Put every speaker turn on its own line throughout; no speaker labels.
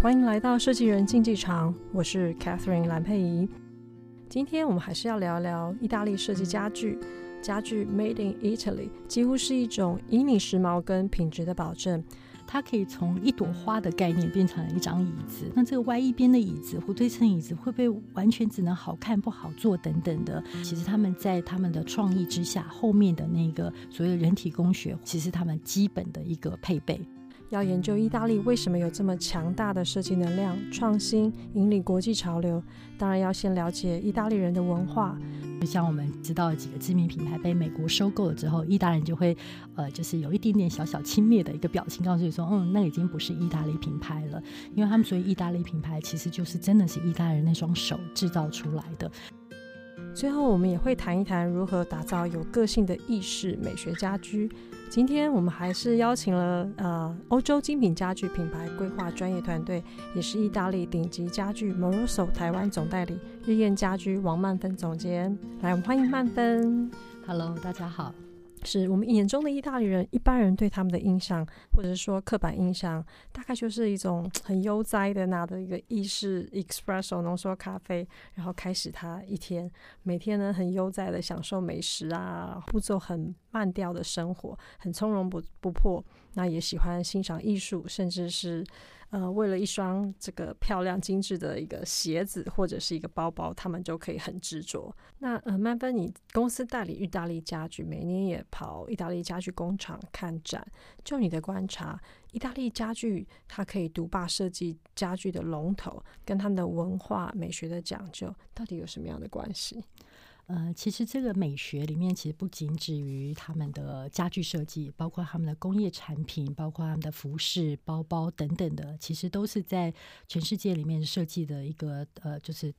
歡迎來到設計人競技場，我是 Catherine 蘭佩儀。今天我們還是要聊聊意大利設計家具。家具 Made in Italy 幾乎是一種引領時髦跟品質的保證。它可以從一朵花的概念
變成一張椅子。那這個歪一邊的椅子，或對稱椅子，會不會完全只能好看不好坐等等的？其實他們在他們的創意之下，後面的那個所謂的人體工學，其實他們基本的一個配備。
要研究意大利為什麼有這麼強大的設計能量、創新引領國際潮流，當然要先了解意大利人的文化。就像我們知道了幾個知名品牌被美國收購了之後，意大利人就會，
呃，就是有一點點小小輕蔑的一個表情，告訴你說，嗯，那已經不是意大利品牌了，因為他們所以意大利品牌，其實就是真的是意大利人那雙手製造出來的。
最後，我們也會談一談如何打造有個性的意式美學家居。今天我們還是邀請了呃，歐洲精品家具品牌規劃專業團隊，也是意大利頂級家具 Moroso 台灣總代理日晏家居王曼芬總監來，我們歡迎曼芬。Hello，大家好。是我們眼中的意大利人，一般人對他們的印象，或者說刻板印象，大概就是一種很悠哉的拿著一個意式 espresso 濃縮咖啡，然後開始他一天，每天呢很悠哉的享受美食啊，過著很慢調的生活，很從容不不迫，那也喜歡欣賞藝術，甚至是。呃，為了一雙這個漂亮精致的一個鞋子或者是一個包包，他們就可以很執着。那呃，蔓芬，你公司代理意大利家具，每年也跑意大利家具工廠看展。就你的觀察，意大利家具它可以獨霸設計家具的龍頭，跟他們的文化美學的講究，到底有什麼樣的關係？
呃，其實這個美學裡面，其實不僅止於他們的家具設計，包括他們的工業產品，包括他們的服飾、包包等等的，其實都是在全世界裡面設計的一個呃，就是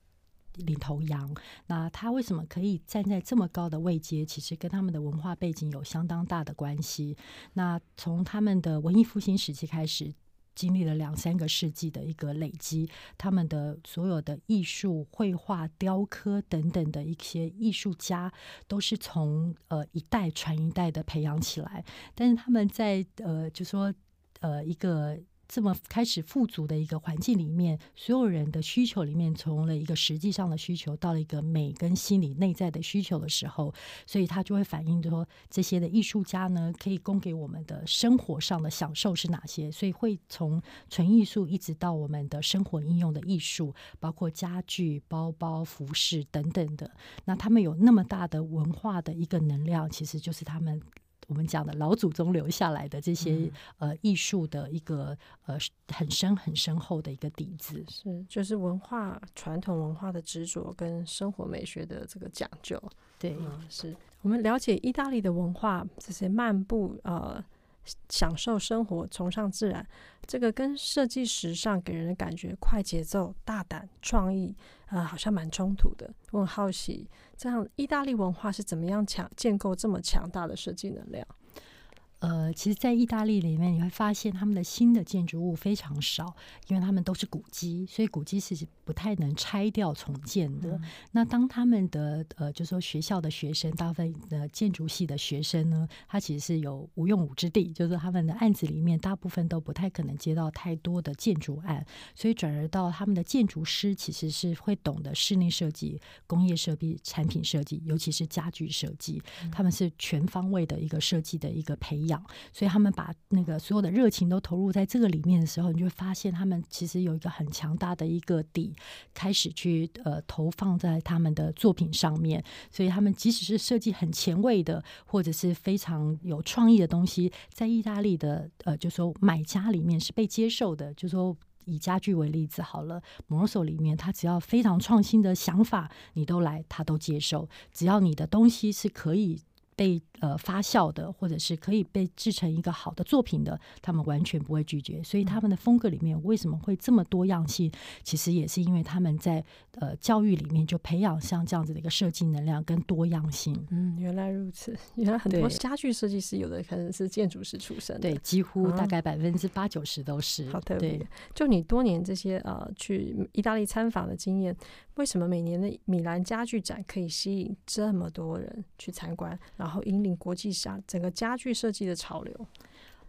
領頭羊。那他為什麼可以站在這麼高的位階？其實跟他們的文化背景有相當大的關係。那從他們的文藝復興時期開始。經歷了兩三個世紀的一個累積，他們的所有的藝術、繪畫、雕刻等等的一些藝術家，都是從呃一代傳一代的培養起來。但是他們在呃，就說呃一個。這麼開始富足的一個環境裡面，所有人的需求裡面，從了一個實際上的需求，到了一個美跟心理內在的需求的時候，所以他就會反映說，這些的藝術家呢，可以供給我們的生活上的享受是哪些？所以會從純藝術一直到我們的生活應用的藝術，包括家具、包包、服飾等等的。那他們有那麼大的文化的一個能量，其實就是他們。我們講的老祖宗留下來的這些、嗯、呃藝術的一個呃很深很深厚的一個底子，
是就是文化傳統文化的執着跟生活美學的這個講究，對，嗯、是我們了解意大利的文化這些漫步呃。享受生活，崇尚自然，這個跟設計時尚給人的感覺快節奏、大膽、創意，啊、呃，好像蠻衝突的。我很好奇，這樣意大利文化是怎麼樣強建構這麼強大的設計能量？呃，
其實，在意大利裡面，你會發現他們的新的建築物非常少，因為他們都是古蹟，所以古蹟是不太能拆掉重建的。嗯、那當他們的呃，就是、說學校的學生，大部分的建築系的學生呢，他其實是有無用武之地，就是他們的案子裡面大部分都不太可能接到太多的建築案，所以轉而到他們的建築師其實是會懂得室內設計、工業設計、產品設計，尤其是家具設計，他們是全方位的一個設計的一個培養。所以他們把那個所有的熱情都投入在這個裡面的時候，你就會發現他們其實有一個很強大的一個底，開始去呃投放在他們的作品上面。所以他們即使是設計很前衛的，或者是非常有創意的東西，在意大利的呃，就說買家裡面是被接受的。就說以家具為例子好了，MOROSO 裡面他只要非常創新的想法，你都來他都接受，只要你的東西是可以。被呃發酵的，或者是可以被製成一個好的作品的，他們完全不會拒絕。所以他們的風格裡面為什麼會這麼多樣性？其實也是因為他們在呃教育裡面就培養像這樣子的一個設計能量跟多樣性。嗯，原來如此。原
來很多家具設計師有的可能是建築師出身。對，幾乎大概百分之八九十都是。好的。對。就你多年這些呃去意大利參訪的經驗，為什麼每年的米蘭家具展可以吸引這麼多人去參觀？然然後引領國際上整個家具設計的潮流。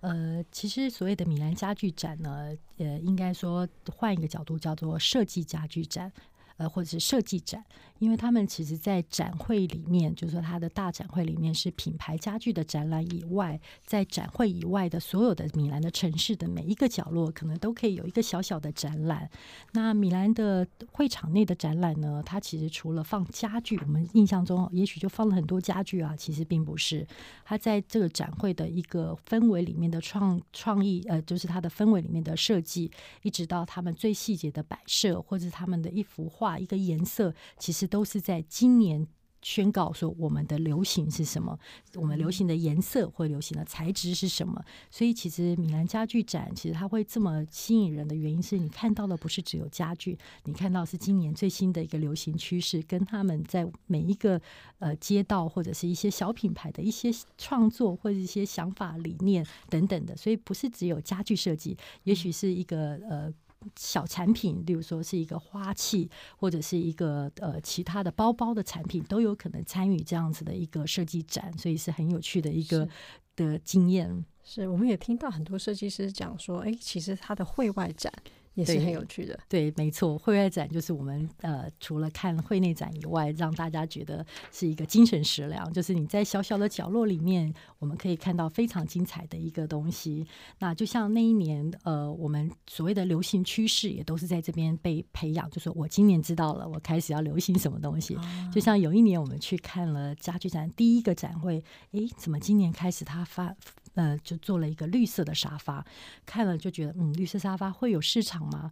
呃，其實所謂的米蘭家具展呢，也應該說換一個角度叫做設計家具展，呃，或者是設計展。因為他們其實，在展會裡面，就是說，他的大展會裡面是品牌家具的展覽以外，在展會以外的所有的米蘭的城市的每一個角落，可能都可以有一個小小的展覽。那米蘭的會場內的展覽呢，它其實除了放家具，我們印象中也許就放了很多家具啊，其實並不是。它在這個展會的一個氛圍裡面的創創意，呃，就是它的氛圍裡面的設計，一直到他們最細節的擺設，或者是他們的一幅畫、一個顏色，其實。都是在今年宣告說我們的流行是什麼，我們流行的顏色或流行的材質是什麼。所以其實米蘭家具展其實它會這麼吸引人的原因是你看到的不是只有家具，你看到是今年最新的一個流行趨勢，跟他們在每一個呃街道，或者是一些小品牌的一些創作或者一些想法理念等等的。所以不是只有家具設計，也許是一個呃。小產品，例如說是一個花器，或者是一個呃其他的包包的產品，都有可能參與這樣子的一個設計展，所以是很有趣的一個是的經驗。
是，我們也聽到很多設計師講說，哎、欸，其實他的會外展。對也是很有趣的，
對，沒錯。會外展就是我們呃，除了看會內展以外，讓大家覺得是一個精神食糧，就是你在小小的角落裡面，我們可以看到非常精彩的一個東西。那就像那一年，呃，我們所謂的流行趨勢也都是在這邊被培養，就是我今年知道了，我開始要流行什麼東西。啊、就像有一年我們去看了家具展第一個展會，誒，怎麼今年開始它發？呃，就做了一個綠色的沙發，看了就覺得，嗯，綠色沙發會有市場嗎？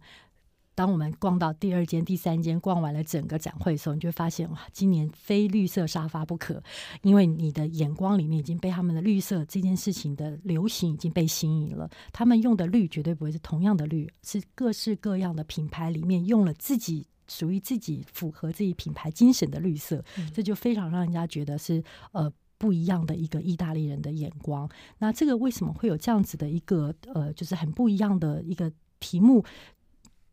當我們逛到第二間、第三間，逛完了整個展會的時候，你就發現哇，今年非綠色沙發不可，因為你的眼光裡面已經被他們的綠色這件事情的流行已經被吸引了。他們用的綠絕對不會是同樣的綠，是各式各樣的品牌裡面用了自己屬於自己符合自己品牌精神的綠色，這就非常讓人家覺得是呃。不一樣的一個意大利人的眼光，那這個為什麼會有這樣子的一個呃，就是很不一樣的一個題目？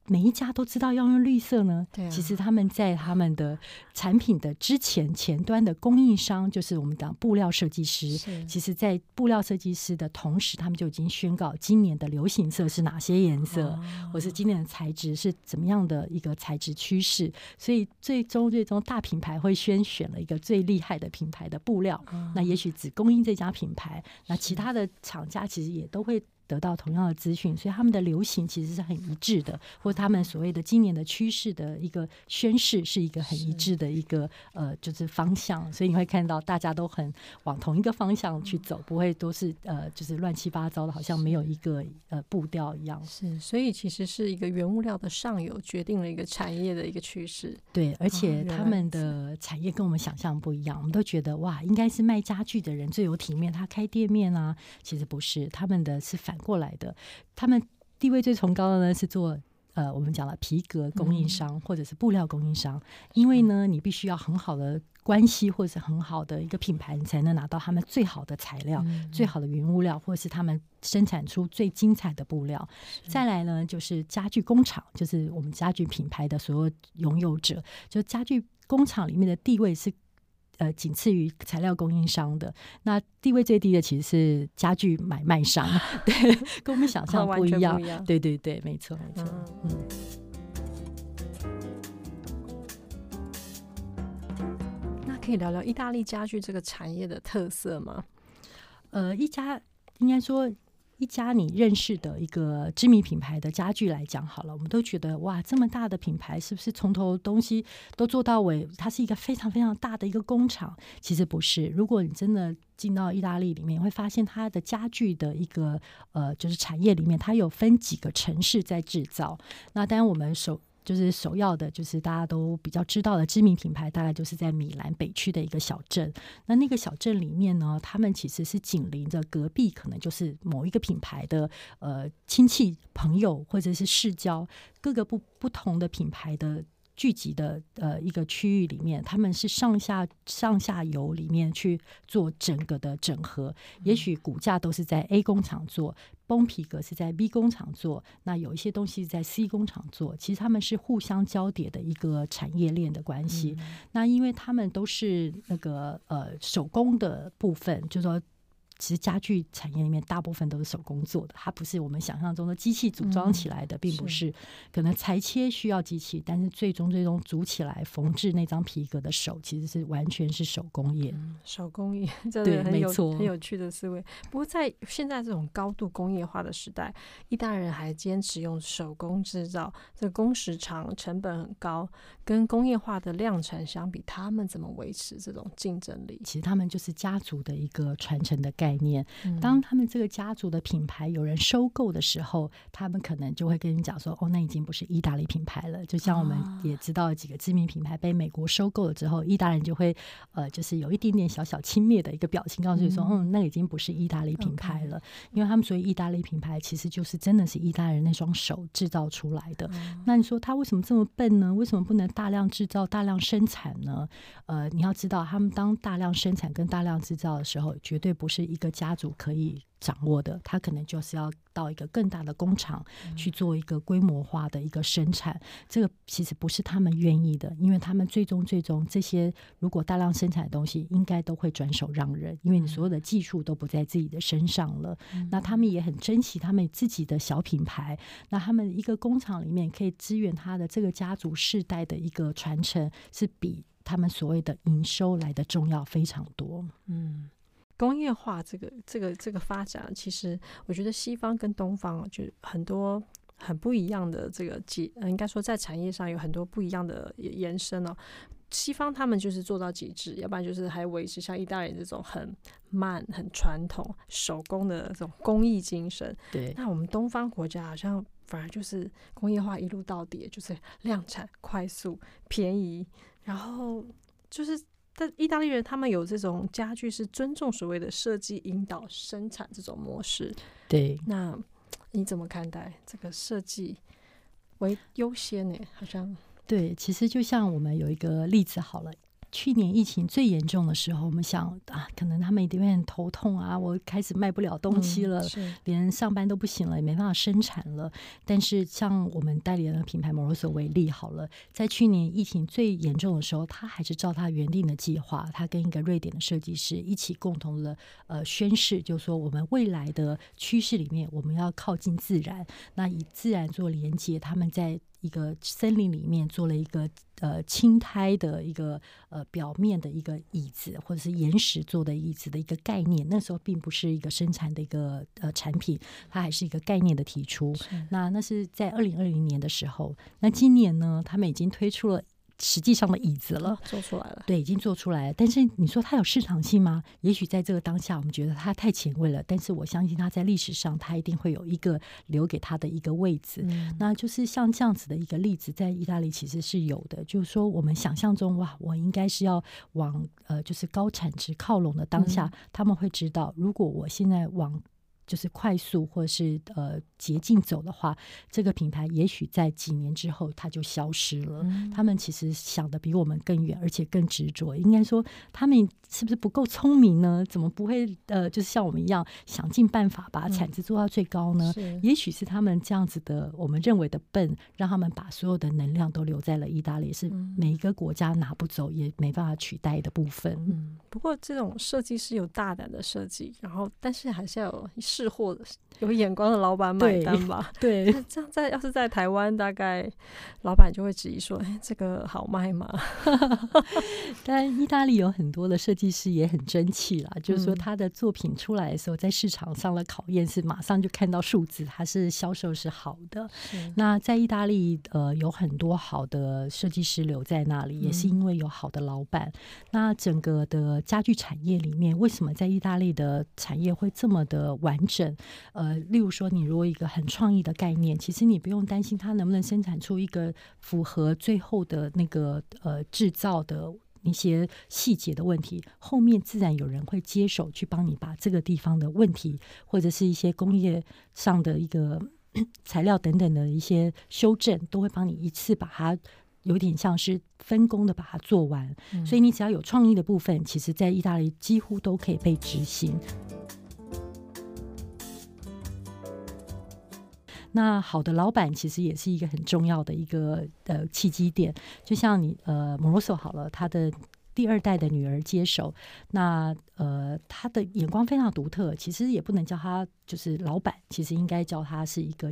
每一家都知道要用綠色呢。其實他們在他們的產品的之前前端的供應商，就是我們講布料設計師。其實，在布料設計師的同時，他們就已經宣告今年的流行色是哪些顏色，或是今年的材質是怎麼樣的一個材質趨勢。所以，最終最終大品牌會先選了一個最厲害的品牌的布料。那也許只供應這家品牌，那其他的廠家其實也都會。得到同樣的資訊，所以他們的流行其實是很一致的，或他們所謂的今年的趨勢的一個宣示是一個很一致的一個是呃，就是方向。所以你會看到大家都很往同一個方向去走，嗯、不會都是
呃，就是亂七八糟的，好像沒有一個是呃步調一樣。是，所以其實是一個原物料的上游決定了一個產業的一個趨勢。對，而且他們
的產業跟我們想象不一樣。啊、是我們都覺得哇，應該是賣家具的人最有體面，他開店面啊。其實不是，他們的是反過來的，他們地位最崇高的呢是做呃，我們講了皮革供應商或者是布料供應商，因為呢，你必須要很好的關係或者是很好的一個品牌，你才能拿到他們最好的材料、最好的原物料，或者是他們生產出最精彩的布料。是再來呢就是家具工廠，就是我們家具品牌的所有擁有者，就家具工廠裡面的地位是。呃，僅次於材料供應商的，那地位最低的其實是家具買賣商， 對，跟我們想象不一樣。哦、完全不一樣。對對對，沒錯沒錯。啊、嗯，
那可以聊聊意大利家具這個產業的特色嗎？呃，一家
應該說。一家你認識的一個知名品牌的家具來講好了，我們都覺得哇，這麼大的品牌，是不是從頭東西都做到尾？它是一個非常非常大的一個工廠。其實不是，如果你真的進到意大利裡面，會發現它的家具的一個呃，就是產業裡面，它有分幾個城市在制造。那當然，我們首就是首要的，就是大家都比較知道的知名品牌，大概就是在米蘭北區的一個小鎮。那那個小鎮裡面呢，他們其實是緊鄰着隔壁，可能就是某一個品牌的呃親戚朋友或者是世交，各個不不同的品牌的。聚集的呃一個區域裡面，他們是上下上下游裡面去做整個的整合。也許骨架都是在 A 工廠做，嗯、繃皮革是在 B 工廠做，那有一些東西在 C 工廠做。其實他們是互相交疊的一個產業鏈的關係。嗯、那因為他們都是那個呃手工的部分，就是、說。其實家具產業裡面大部分都是手工做的，它不是我們想象中的機器組裝起來的，嗯、並不是，是可能裁切需要機器，但是最終最終組起來、縫制那張皮革的手其實是完全是手工業。嗯、
手工業真的很有，沒錯，很有趣的思維。不過在現在這種高度工業化的時代，意大利人還堅持用手工制造，這工時長、成本很高，跟工業化的量產相比，他們怎麼維持這種競爭力？
其實他們就是家族的一個傳承的概念。概念，當他們這個家族的品牌有人收購的時候，他們可能就會跟你講說：“哦，那已經不是意大利品牌了。”就像我們也知道幾個知名品牌被美國收購了之後，啊、意大利人就會呃，就是有一點點小小輕蔑的一個表情，告訴你說：“嗯，嗯，那已經不是意大利品牌了。嗯”因為他們所以意大利品牌其實就是真的是意大利人那雙手制造出來的。嗯、那你說他為什麼這麼笨呢？為什麼不能大量制造、大量生產呢？呃，你要知道，他們當大量生產跟大量制造的時候，絕對不是一個家族可以掌握的，他可能就是要到一個更大的工廠去做一個規模化的一個生產。嗯、這個其實不是他們願意的，因為他們最終最終這些如果大量生產的東西，應該都會轉手讓人，因為你所有的技術都不在自己的身上了。嗯、那他們也很珍惜他們自己的小品牌。那他們一個工廠裡面可以支援他的這個家族世代的一個傳承，是比他們所謂的營收來的重要非常多。嗯。
工業化這個這個這個發展，其實我覺得西方跟東方就很多很不一樣的這個幾，應該說在產業上有很多不一樣的延伸哦。西方他們就是做到極致，要不然就是還維持像意大利這種很慢、很傳統手工的這種工藝精神。對，那我們東方國家好像反而就是工業化一路到底，就是量產、快速、便宜，然後就是。但意大利人他們有這種家具是尊重所謂的設計引導生產這種模式，對，那你怎麼看待這個設計為優先呢、欸？好像
對，其實就像我們有一個例子好了。去年疫情最嚴重的時候，我們想啊，可能他們有點頭痛啊，我開始賣不了東西了，嗯、是連上班都不行了，也沒辦法生產了。但是像我們代理人的品牌 MOROSO 為例，好了，在去年疫情最嚴重的時候，他還是照他原定的計劃，他跟一個瑞典的設計師一起共同的呃宣誓，就說我們未來的趨勢裡面，我們要靠近自然，那以自然做連接，他們在。一個森林裡面做了一個呃青苔的一個呃表面的一個椅子，或者是岩石做的椅子的一個概念。那時候並不是一個生產的一個呃產品，它還是一個概念的提出。是那那是在二零二零年的時候，那今年呢，他們已經推出了。實際上的椅子了，做出來了。對，已經做出來了。但是你說它有市場性嗎？也許在這個當下，我們覺得它太前衛了。但是我相信它在歷史上，它一定會有一個留給它的一個位置。嗯。那就是像這樣子的一個例子，在意大利其實是有的。就是說，我們想象中哇，我應該是要往呃，就是高產值靠攏的當下，嗯。他們會知道，如果我現在往。就是快速或是呃捷徑走的話，這個品牌也許在幾年之後它就消失了。嗯、他們其實想的比我們更遠，而且更執着。應該說，他們是不是不夠聰明呢？怎麼不會呃，就是像我們一樣想盡辦法把產值做到最高呢？嗯、也許是他們這樣子的，我們認為的笨，讓他們把所有的能量都留在了意大利，是每一個國家拿不走，也沒辦法取代的部分。嗯，
不過這種設計是有大膽的設計，然後但是還是要有是，或有眼光的老闆買單吧。對，對，這樣在，要是在台灣，大概老闆就會質疑說：“哎、欸，這個好賣嗎？” 但
意大利有很多的設計師也很爭氣啦，嗯、就是說他的作品出來的時候，在市場上的考驗是馬上就看到數字，他是銷售是好的。嗯、那在意大利，呃，有很多好的設計師留在那裡，也是因為有好的老闆。嗯、那整個的家具產業裡面，為什麼在意大利的產業會這麼的完？呃，例如說，你如果一個很創意的概念，其實你不用擔心它能不能生產出一個符合最後的那個呃製造的一些細節的問題，後面自然有人會接手去幫你把這個地方的問題或者是一些工業上的一個材料等等的一些修正，都會幫你一次把它有點像是分工的把它做完，嗯。所以你只要有創意的部分，其實在意大利幾乎都可以被執行。那好的老板其實也是一個很重要的一個呃契機點，就像你呃 MOROSO 好了，他的第二代的女兒接手，那呃他的眼光非常獨特，其實也不能叫他就是老板，其實應該叫他是一個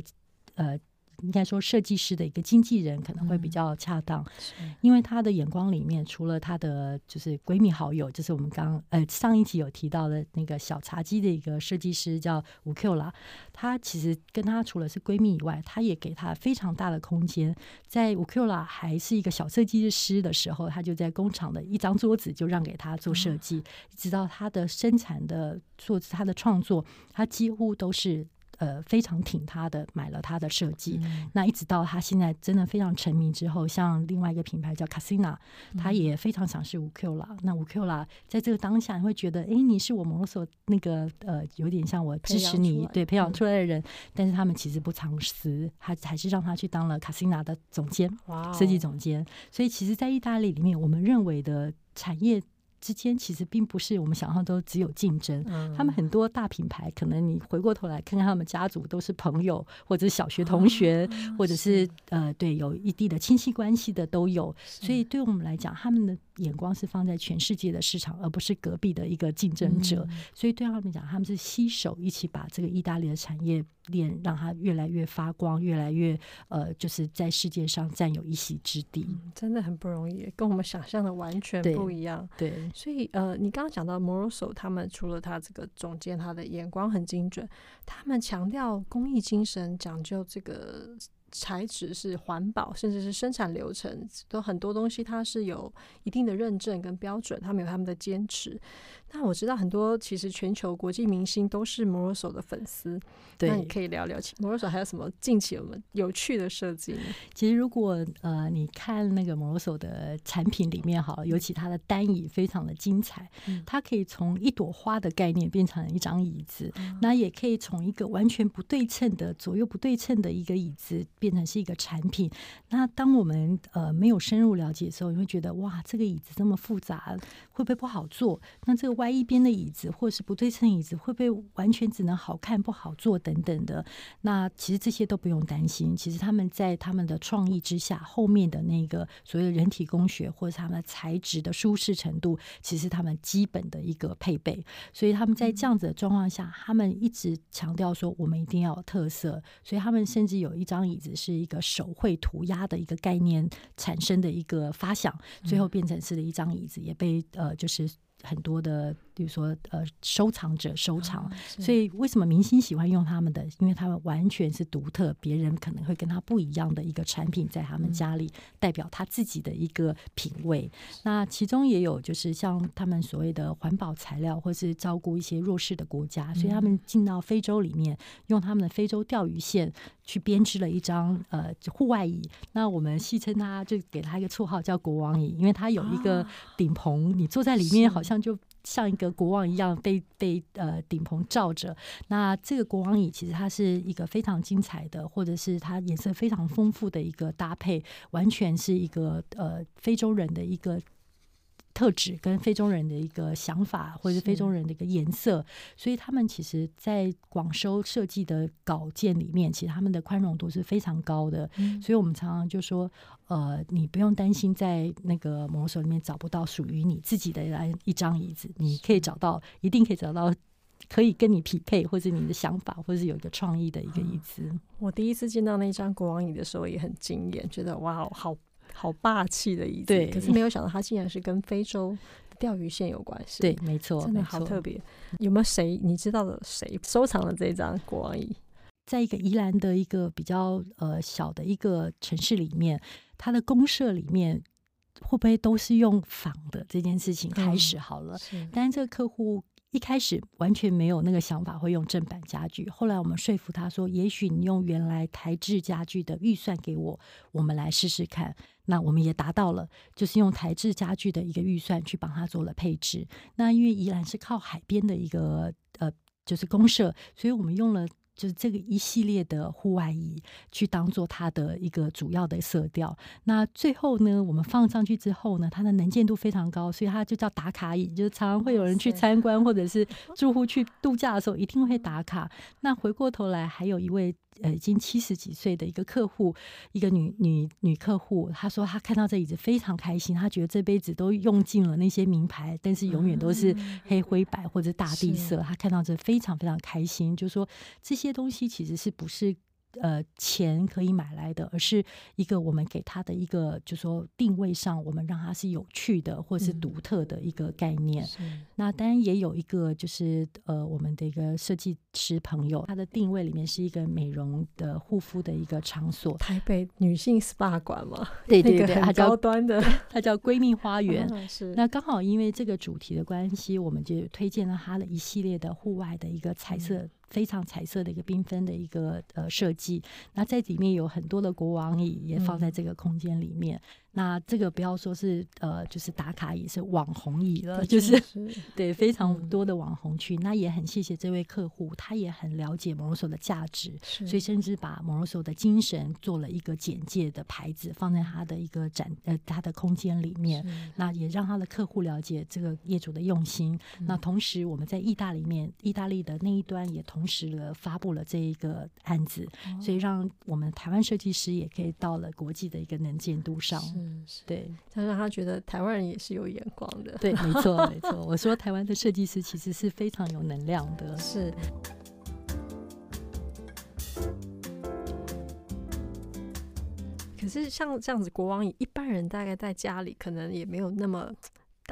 呃。應該說，設計師的一個經紀人可能會比較恰當，嗯、因為他的眼光裡面，除了他的就是閨蜜好友，就是我們剛呃上一集有提到的那個小茶几的一個設計師叫 Urquiola，他其實跟他除了是閨蜜以外，他也給他非常大的空間。在 Urquiola 還是一個小設計師的時候，他就在工廠的一張桌子就讓給他做設計，嗯、直到他的生產的做他的創作，他幾乎都是。呃，非常挺他的，買了他的設計。嗯、那一直到他現在真的非常成名之後，像另外一個品牌叫 Casina，他也非常賞識、嗯。五 Q 了。那五 Q 了，在這個當下，你會覺得，哎、欸，你是我 Moroso 那個呃，有點像我支持你，對，培養出來的人。嗯、但是他們其實不常識，還還是讓他去當了 Casina 的總監，設計 Wow 總監。所以其實，在意大利裡面，我們認為的產業。之間其實並不是我們想象中只有競爭，嗯、他們很多大品牌，可能你回過頭來看看他們家族都是朋友，或者是小學同學，啊啊、或者是，是的呃，對，有一定的親戚關係的都有，的所以對我們來講，他們的，眼光是放在全世界的市場，而不是隔壁的一個競爭者。嗯、所以對他們講，他們是攜手一起把這個意大利的產業鏈讓它越來越發光，越來越呃，就是在世界上占有一席之地、嗯。
真的很不容易，跟我們想象的完全不一樣。對，對，所以呃，你剛剛講到 Moroso，他們除了他這個總監，他的眼光很精準，他們強調工藝精神，講究這個。材質是環保，甚至是生產流程，都很多東西，它是有一定的認證跟標準，他們有他們的堅持。那我知道很多，其實全球國際明星都是 MOROSO 的粉絲。對，那你可以聊聊 MOROSO 還有什麼近期我們有趣的設計。
其實，如果呃你看那個 MOROSO 的產品裡面，哈，尤其他的單椅非常的精彩。嗯、它可以從一朵花的概念變成一張椅子，嗯、那也可以從一個完全不對稱的左右不對稱的一個椅子變成是一個產品。那當我們呃沒有深入了解的時候，你會覺得哇，這個椅子這麼複雜，會不會不好做？那這個。歪一邊的椅子，或是不對稱椅子，會不會完全只能好看不好坐等等的？那其實這些都不用擔心。其實他們在他們的創意之下，後面的那個所謂的人體工學或者他們材質的舒適程度，其實他們基本的一個配備。所以他們在這樣子的狀況下，他們一直強調說，我們一定要有特色。所以他們甚至有一張椅子是一個手繪塗鴉的一個概念產生的一個發想，最後變成是一張椅子，也被呃就是。很多的。比如說，呃，收藏者收藏，啊、所以為什麼明星喜歡用他們的？因為他們完全是獨特，別人可能會跟他不一樣的一個產品，在他們家裡、嗯、代表他自己的一個品味。那其中也有就是像他們所謂的環保材料，或是照顧一些弱勢的國家，所以他們進到非洲裡面，嗯、用他們的非洲釣魚線去編織了一張呃戶外椅。那我們戲稱他就給他一個綽號叫“國王椅”，因為他有一個頂棚，啊、你坐在裡面好像就。像一個國王一樣被被呃頂棚罩着，那這個國王椅其實它是一個非常精彩的，或者是它顏色非常豐富的一個搭配，完全是一個呃非洲人的一個。特質跟非洲人的一個想法，或者是非洲人的一個顏色，是所以他們其實在廣收設計的稿件裡面，其實他們的寬容度是非常高的。嗯、所以，我們常常就說，呃，你不用擔心在那個 MOROSO 裡面找不到屬於你自己的一張椅子，你可以找到，一定可以找到，可以跟你匹配，或是你的想法，或者是有一個創意的一個椅子、
嗯。我第一次見到那張國王椅的時候，也很驚艷，覺得哇，好。好霸氣的一對，可是沒有想到他竟然是跟非洲釣魚線有關係。對，沒錯，真的好特別。沒錯。有沒有誰你知道的誰收藏了這張國王椅？在一個宜蘭的一個比較呃小的一個
城市裡面，他的公社裡面會不會都是用仿的這件事情、嗯、開始好了？是但是這個客戶。一開始完全沒有那個想法，會用正版家具。後來我們說服他說：“也許你用原來台制家具的預算給我，我們來試試看。”那我們也達到了，就是用台制家具的一個預算去幫他做了配置。那因為宜蘭是靠海邊的一個呃，就是公社，所以我們用了。就是這個一系列的戶外椅，去當做它的一個主要的色調。那最後呢，我們放上去之後呢，它的能見度非常高，所以它就叫打卡椅。就是常常會有人去參觀，或者是住戶去度假的時候，一定會打卡。那回過頭來，還有一位。呃，已經七十幾歲的一個客戶，一個女女女客戶，她說她看到這椅子非常開心，她覺得這輩子都用盡了那些名牌，但是永遠都是黑灰白或者大地色，她看到這非常非常開心，就說這些東西其實是不是？呃，錢可以買來的，而是一個我們給他的一個，就是、說定位上，我們讓他是有趣的，或是獨特的一個概念。嗯、是那當然也有一個，就是呃，我們的一個設計師朋友，他的定位裡面是一個美容的護膚的一個場所，台北女性 SPA 館嘛，對，對對對，很高端的，它叫、叫閨蜜花園。嗯、那剛好因為這個主題的關係，我們就推薦了他的一系列的戶外的一個彩色。嗯非常彩色的一個繽紛的一個呃設計，那在裡面有很多的國王椅也放在這個空間裡面。嗯那這個不要說是呃，就是打卡椅是網紅椅了，對就是對非常多的網紅去。嗯、那也很謝謝這位客戶，他也很了解 MOROSO 的價值，是所以甚至把 MOROSO 的精神做了一個簡介的牌子放在他的一個展呃他的空間裡面。是那也讓他的客戶了解這個業主的用心。嗯、那同時我們在意大利面，意大利的那一端也同時的發布了這一個案子，哦、所以讓我們台灣設計師也可以到了國際的一個能見度上。
嗯，是對，他說他覺得台灣人也是有眼光的，對，沒錯，沒錯。
我說台灣的設計師其實是非常有能量的， 是。
可是像這樣子，國王一般人大概在家裡可能也沒有那麽，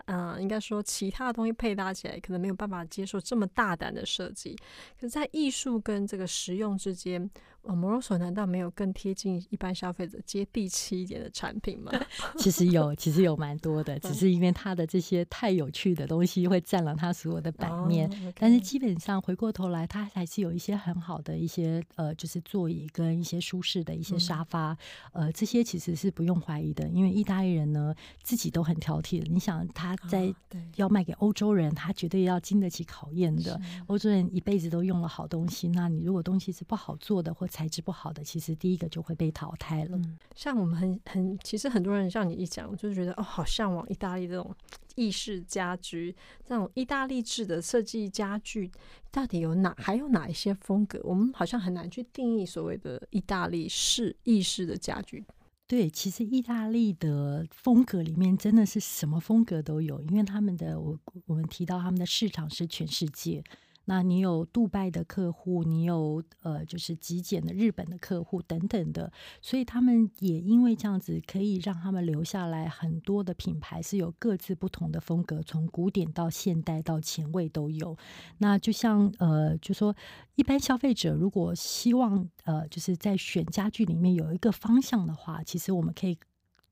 啊、呃，應該說其他的東西配搭起來可能沒有辦法接受這麼大膽的設計，可是在藝術跟這個實用之間。呃、哦，摩羅索難道沒有更貼近一般消費者、接地氣一點的產品嗎？
其實有，其實有蠻多的，只是因為它的這些太有趣的東西會占了他所有的版面。Oh, okay. 但是基本上回過頭來，它還是有一些很好的一些呃，就是座椅跟一些舒適的一些沙發。嗯、呃，這些其實是不用懷疑的，因為意大利人呢自己都很挑剔的。你想，他在要賣給歐洲人，啊、他絕對要經得起考驗的。是、歐洲人一輩子都用了好東西，那你如果東西是不好做的，或者材質不好的，其實第一個就會被淘汰了。嗯，
像我們很、很，其實很多人像你一講，我就是覺得哦，好向往意大利這種意式家居，這種意大利制的設計家具，到底有哪、還有哪一些風格？我們好像很難去定義所謂的意大利式、意式的家具。
對，其實意大利的風格裡面真的是什麼風格都有，因為他們的我、我們提到他們的市場是全世界。那你有杜拜的客戶，你有呃就是極簡的日本的客戶等等的，所以他們也因為這樣子，可以讓他們留下來很多的品牌是有各自不同的風格，從古典到現代到前衛都有。那就像呃，就說一般消費者如果希望呃就是在選家具裡面有一個方向的話，其實我們可以。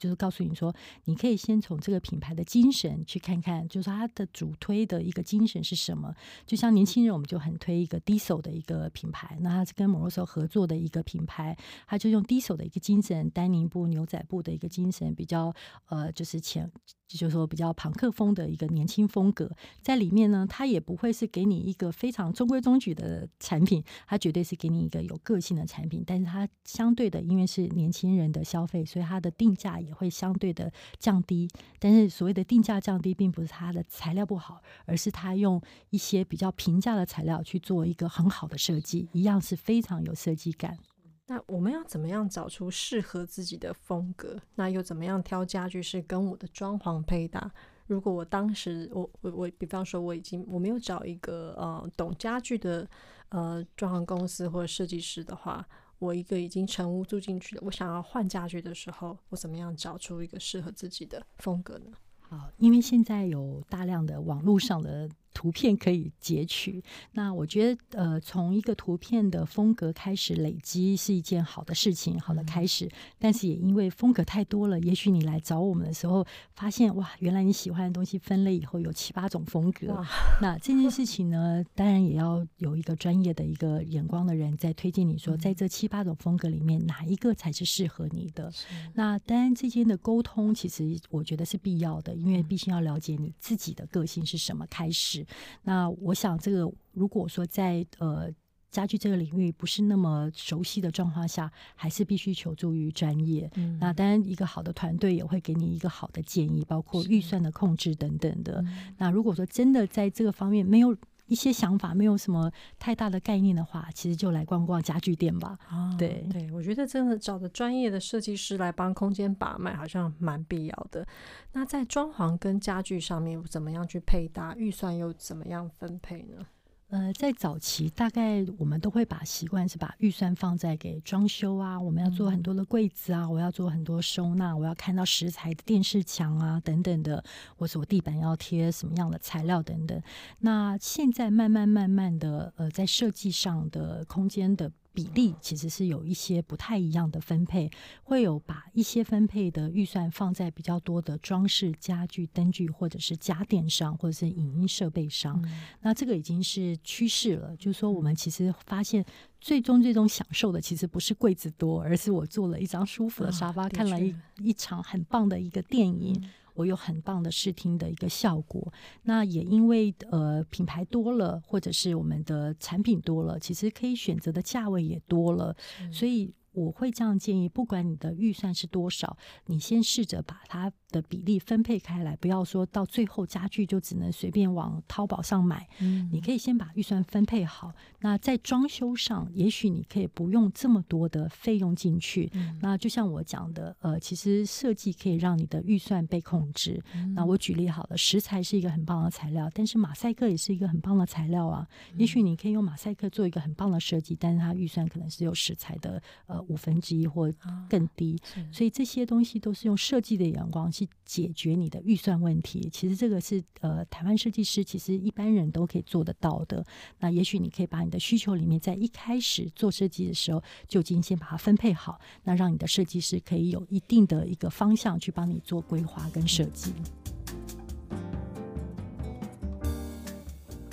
就是告訴你說，你可以先從這個品牌的精神去看看，就是說它的主推的一個精神是什麼。就像年輕人，我們就很推一個低手的一個品牌，那它是跟摩 o s 合作的一個品牌，它就用低手的一個精神，丹寧布、牛仔布的一個精神，比較呃，就是前，就是說比較朋克風的一個年輕風格在裡面呢。它也不會是給你一個非常中規中矩的產品，它絕對是給你一個有個性的產品。但是它相對的，因為是年輕人的消費，所以它的定價也。會相對的降低，但是所謂的定價降低，並不是它的材料不好，而是它用一些比較平價的材料去做一個很好的設計，一樣是非常有設計感。
那我們要怎麼樣找出適合自己的風格？那又怎麼樣挑家具是跟我的裝潢配搭？如果我當時我我我，比方說我已經我沒有找一個呃懂家具的呃裝潢公司或者設計師的話。我一個已經成屋，住進去的，我想要換家具的時候，我怎麼樣找出一個適合自己的風格呢？
好，因為現在有大量的網絡上的。 圖片可以截取，那我覺得，呃，從一個圖片的風格開始累積是一件好的事情，好的開始。嗯、但是也因為風格太多了，也許你來找我們的時候，發現哇，原來你喜歡的東西分類以後有七八種風格。哇那這件事情呢，當然也要有一個專業的一個眼光的人在推薦你說，嗯、在這七八種風格裡面，哪一個才是適合你的？是那當然之間的溝通，其實我覺得是必要的，因為必須要了解你自己的個性是什麼開始。那我想，這個如果說在呃家具這個領域不是那麼熟悉的狀況下，還是必須求助於專業。嗯、那當然，一個好的團隊也會給你一個好的建議，包括預算的控制等等的。嗯、那如果說真的在這個方面沒有，一些想法沒有什麼太大的概念的話，其實就來逛逛家具店吧。啊，對
對，我覺得真的找個專業的設計師來幫空間把脈，好像蠻必要的。那在裝潢跟家具上面，怎麼樣去配搭？預算又怎麼樣分配呢？
呃，在早期，大概我們都會把習慣是把預算放在給裝修啊，我們要做很多的櫃子啊，嗯、哼我要做很多收納，我要看到石材的電視牆啊等等的，或者我所地板要貼什麼樣的材料等等。那現在慢慢慢慢的，呃，在設計上的空間的。比例其實是有一些不太一樣的分配，會有把一些分配的預算放在比較多的裝飾、家具、燈具或者是家電上，或者是影音設備上。嗯、那這個已經是趨勢了，就是說我們其實發現，最終最終享受的其實不是櫃子多，而是我坐了一張舒服的沙發，哦、看了一一場很棒的一個電影。啊，的確。我有很棒的視聽的一個效果，那也因為呃品牌多了，或者是我們的產品多了，其實可以選擇的價位也多了，嗯、所以。我會這樣建議，不管你的預算是多少，你先試着把它的比例分配開來，不要說到最後家具就只能隨便往淘寶上買。嗯、你可以先把預算分配好。那在裝修上，也許你可以不用這麼多的費用進去。嗯、那就像我講的，呃，其實設計可以讓你的預算被控制。嗯、那我舉例好了，石材是一個很棒的材料，但是馬賽克也是一個很棒的材料啊。嗯、也許你可以用馬賽克做一個很棒的設計，但是它預算可能是有石材的，呃。五分之一或更低，啊、所以這些東西都是用設計的眼光去解決你的預算問題。其實這個是呃，台灣設計師其實一般人都可以做得到的。那也許你可以把你的需求裡面在一開始做設計的時候就已經先把它分配好，那讓你的設計師可以有一定的一個方向去幫你做規劃跟設計。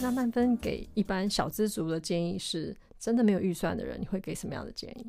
那曼芬給一般小資族的建議是，真的沒有預算的人，你會給什麼樣的建議？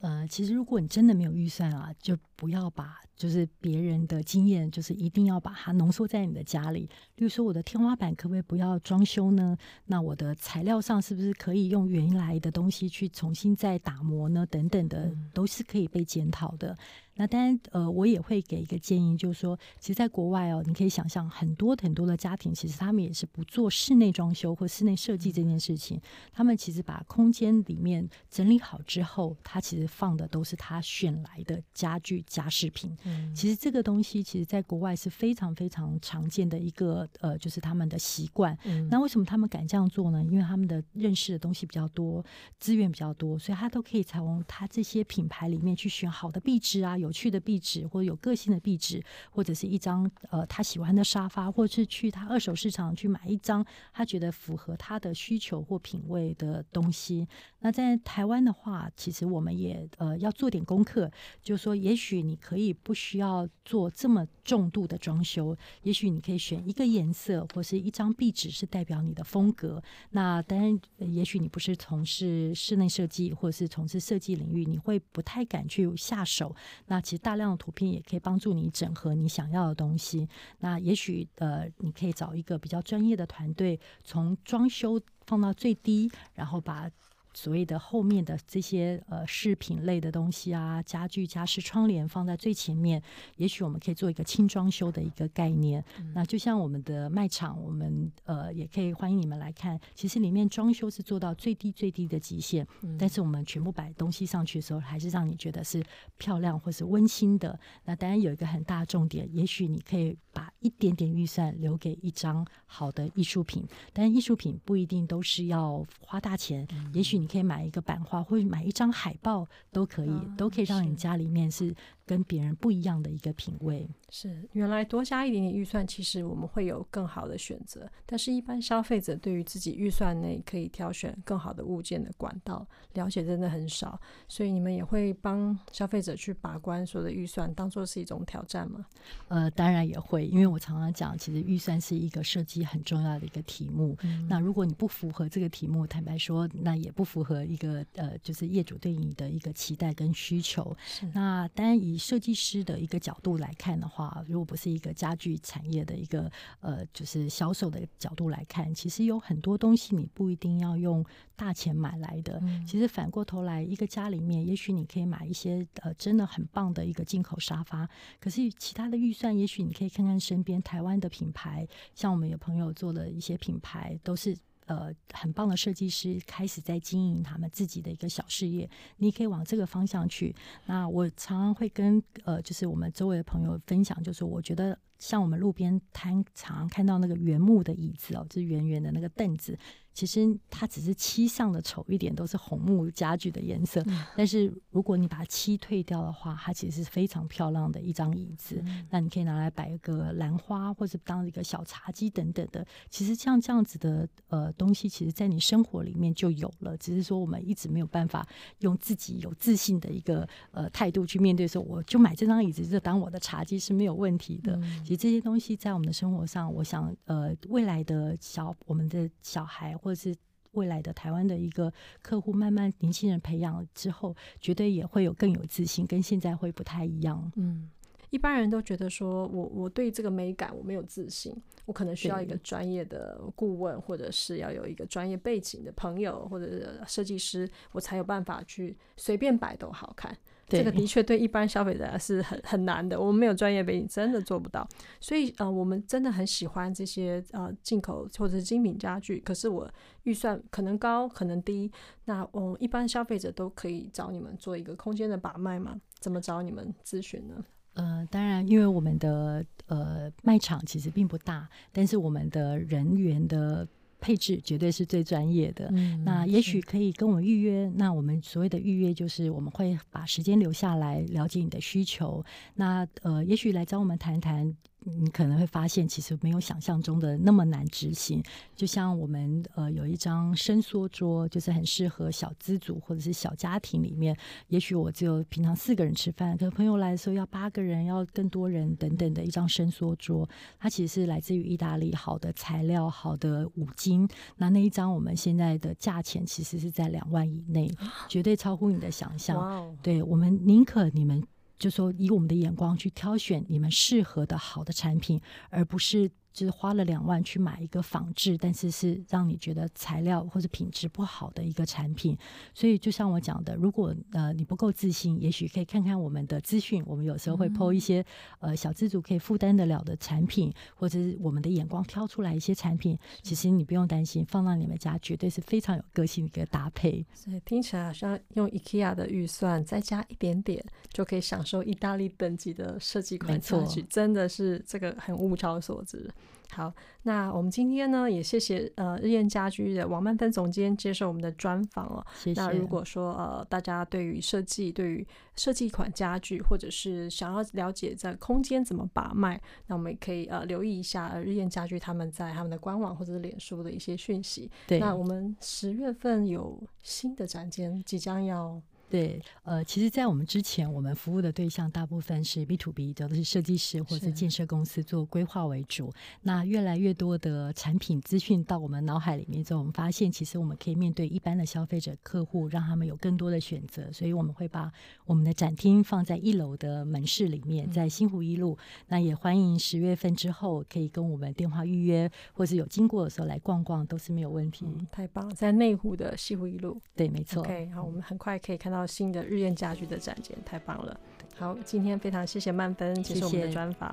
呃，其實如果你真的沒有預算啊，就不要把就是別人的經驗，就是一定要把它濃縮在你的家裡。例如說，我的天花板可不可以不要裝修呢？那我的材料上是不是可以用原來的東西去重新再打磨呢？等等的，都是可以被檢討的。那當然，呃，我也會給一個建議，就是說，其實，在國外哦，你可以想象很多很多的家庭，其實他們也是不做室內裝修或室內設計這件事情。嗯，他們其實把空間裡面整理好之後，他其實放的都是他選來的家具、家飾品。嗯，其實這個東西，其實在國外是非常非常常見的一個呃，就是他們的習慣。嗯，那為什麼他們敢這樣做呢？因為他們的認識的東西比較多，資源比較多，所以他都可以採用他這些品牌裡面去選好的壁紙啊，有。有趣的壁紙，或者有個性的壁紙，或者是一張呃，他喜歡的沙發，或者是去他二手市場去買一張他覺得符合他的需求或品味的東西。那在台灣的話，其實我們也呃，要做點功課，就是說，也許你可以不需要做這麼重度的裝修，也許你可以選一個顏色或是一張壁紙是代表你的風格。那當然，也許你不是從事室內設計或者是從事設計領域，你會不太敢去下手。那其實大量的圖片也可以幫助你整合你想要的東西。那也許呃，你可以找一個比較專業的團隊，從裝修放到最低，然後把。所謂的後面的這些呃飾品類的東西啊，家具、家飾、窗簾放在最前面，也許我們可以做一個輕裝修的一個概念。嗯、那就像我們的賣場，我們呃也可以歡迎你們來看，其實裡面裝修是做到最低最低的極限，嗯、但是我們全部擺東西上去的時候，還是讓你覺得是漂亮或是溫馨的。那當然有一個很大的重點，也許你可以把一點點預算留給一張好的藝術品，但藝術品不一定都是要花大錢，嗯、也許。你可以買一個版畫，或者買一張海報，都可以，都可以讓你家裡面是。跟別人不一樣的一個品味
是原來多加一點點預算，其實我們會有更好的選擇。但是，一般消費者對於自己預算內可以挑選更好的物件的管道，了解真的很少，所以你們也會幫消費者去把關。所有的預算當做是一種挑戰嗎？
呃，當然也會，因為我常常講，其實預算是一個設計很重要的一個題目。嗯。那如果你不符合這個題目，坦白說，那也不符合一個呃，就是業主對你的一個期待跟需求。是那當然以。設計師的一個角度來看的話，如果不是一個家具產業的一個呃，就是銷售的角度來看，其實有很多東西你不一定要用大錢買來的。嗯、其實反過頭來，一個家裡面，也許你可以買一些呃，真的很棒的一個進口沙發。可是其他的預算，也許你可以看看身邊台灣的品牌，像我們有朋友做的一些品牌，都是。呃，很棒的設計師開始在經營他們自己的一個小事業，你可以往這個方向去。那我常常會跟呃，就是我們周圍的朋友分享，就是我覺得。像我們路邊攤常常看到那個原木的椅子哦，就是圓圓的那個凳子，其實它只是漆上的醜一點，都是紅木家具的顏色。嗯、但是如果你把漆退掉的話，它其實是非常漂亮的一張椅子。嗯、那你可以拿來擺一個蘭花，或者當一個小茶几等等的。其實像這樣子的呃東西，其實在你生活裡面就有了，只是說我們一直沒有辦法用自己有自信的一個呃態度去面對說，說我就買這張椅子，就當我的茶几是沒有問題的。嗯這些東西在我們的生活上，我想，呃，未來的小我們的小孩，或者是未來的台灣的一個客戶，慢慢年輕人培養之後，絕對也會有更有自信，跟現在會不太一樣。
嗯，一般人都覺得說我我對這個美感我沒有自信，我可能需要一個專業的顧問，對或者是要有一個專業背景的朋友，或者是設計師，我才有辦法去隨便擺都好看。這個的確對一般消費者是很很難的，我們沒有專業背景，真的做不到。所以，呃，我們真的很喜歡這些呃進口或者是精品家具，可是我預算可能高，可能低。那我，嗯，一般消費者都可以找你們做一個空間的把脈嗎？怎麼找你們諮詢呢？
呃，當然，因為我們的呃賣場其實並不大，但是我們的人員的配置絕對是最專業的，嗯、那也許可以跟我們預約。是那我們所謂的預約，就是我們會把時間留下來，了解你的需求。那呃，也許來找我們談談。你可能會發現，其實沒有想象中的那麼難執行。就像我們呃，有一張伸縮桌，就是很適合小資族或者是小家庭裡面。也許我只有平常四個人吃飯，可是朋友來的時候要八個人，要更多人等等的一張伸縮桌，它其實是來自於意大利，好的材料，好的五金。那那一張我們現在的價錢其實是在兩萬以內，絕對超乎你的想象。哦、對我們寧可你們。就是說以我們的眼光去挑選你們適合的好的產品，而不是。就是花了兩萬去買一個仿製，但是是讓你覺得材料或者品質不好的一個產品。所以就像我講的，如果呃你不夠自信，也許可以看看我們的資訊。我們有時候會拋一些、嗯、呃小資族可以負擔得了的產品，或者是我們的眼光挑出來一些產品。其實你不用擔心，放到你們家絕對是非常有個性的一個搭配。
所以聽起來好像用 IKEA 的預算再加一點點就可以享受意大利等級的設計款，沒錯錯，真的是這個很物超所值。好，那我們今天呢也謝謝呃日晏家居的王蔓芬總監接受我們的專訪哦。謝謝。那如果說呃大家對於設計、對於設計一款家具，或者是想要了解在空間怎麼把脈，那我們也可以呃留意一下日晏家居他們在他們的官網或者臉書的一些訊息。對，那我們十月份有新的展間即將要。
對，呃，其實，在我們之前，我們服務的對象大部分是 B to B，走的是設計師或者建設公司做規劃為主。是那越來越多的產品資訊到我們腦海裡面之後，我們發現其實我們可以面對一般的消費者客戶，讓他們有更多的選擇。所以我們會把我們的展廳放在一樓的門市裡面，在新湖一路。嗯、那也歡迎十月份之後可以跟我們電話預約，或是有經過的時候來逛逛，都是沒有問題。嗯、
太棒了，在內湖的西湖一路，對，沒錯。OK，好，我們很快可以看到。新的日晏家居的展間太棒了！好，今天非常謝謝曼芬接受我們的專訪。謝謝。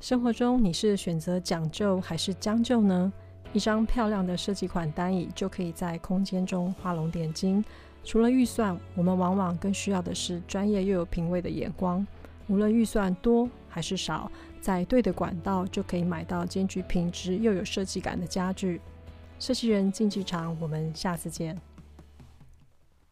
生活中你是選擇講究還是將就呢？一張漂亮的設計款單椅就可以在空間中畫龍點睛。除了預算，我們往往更需要的是專業又有品味的眼光。無論預算多還是少，在對的管道就可以買到兼具品質又有設計感的家具。設計人競技場，我們下次見。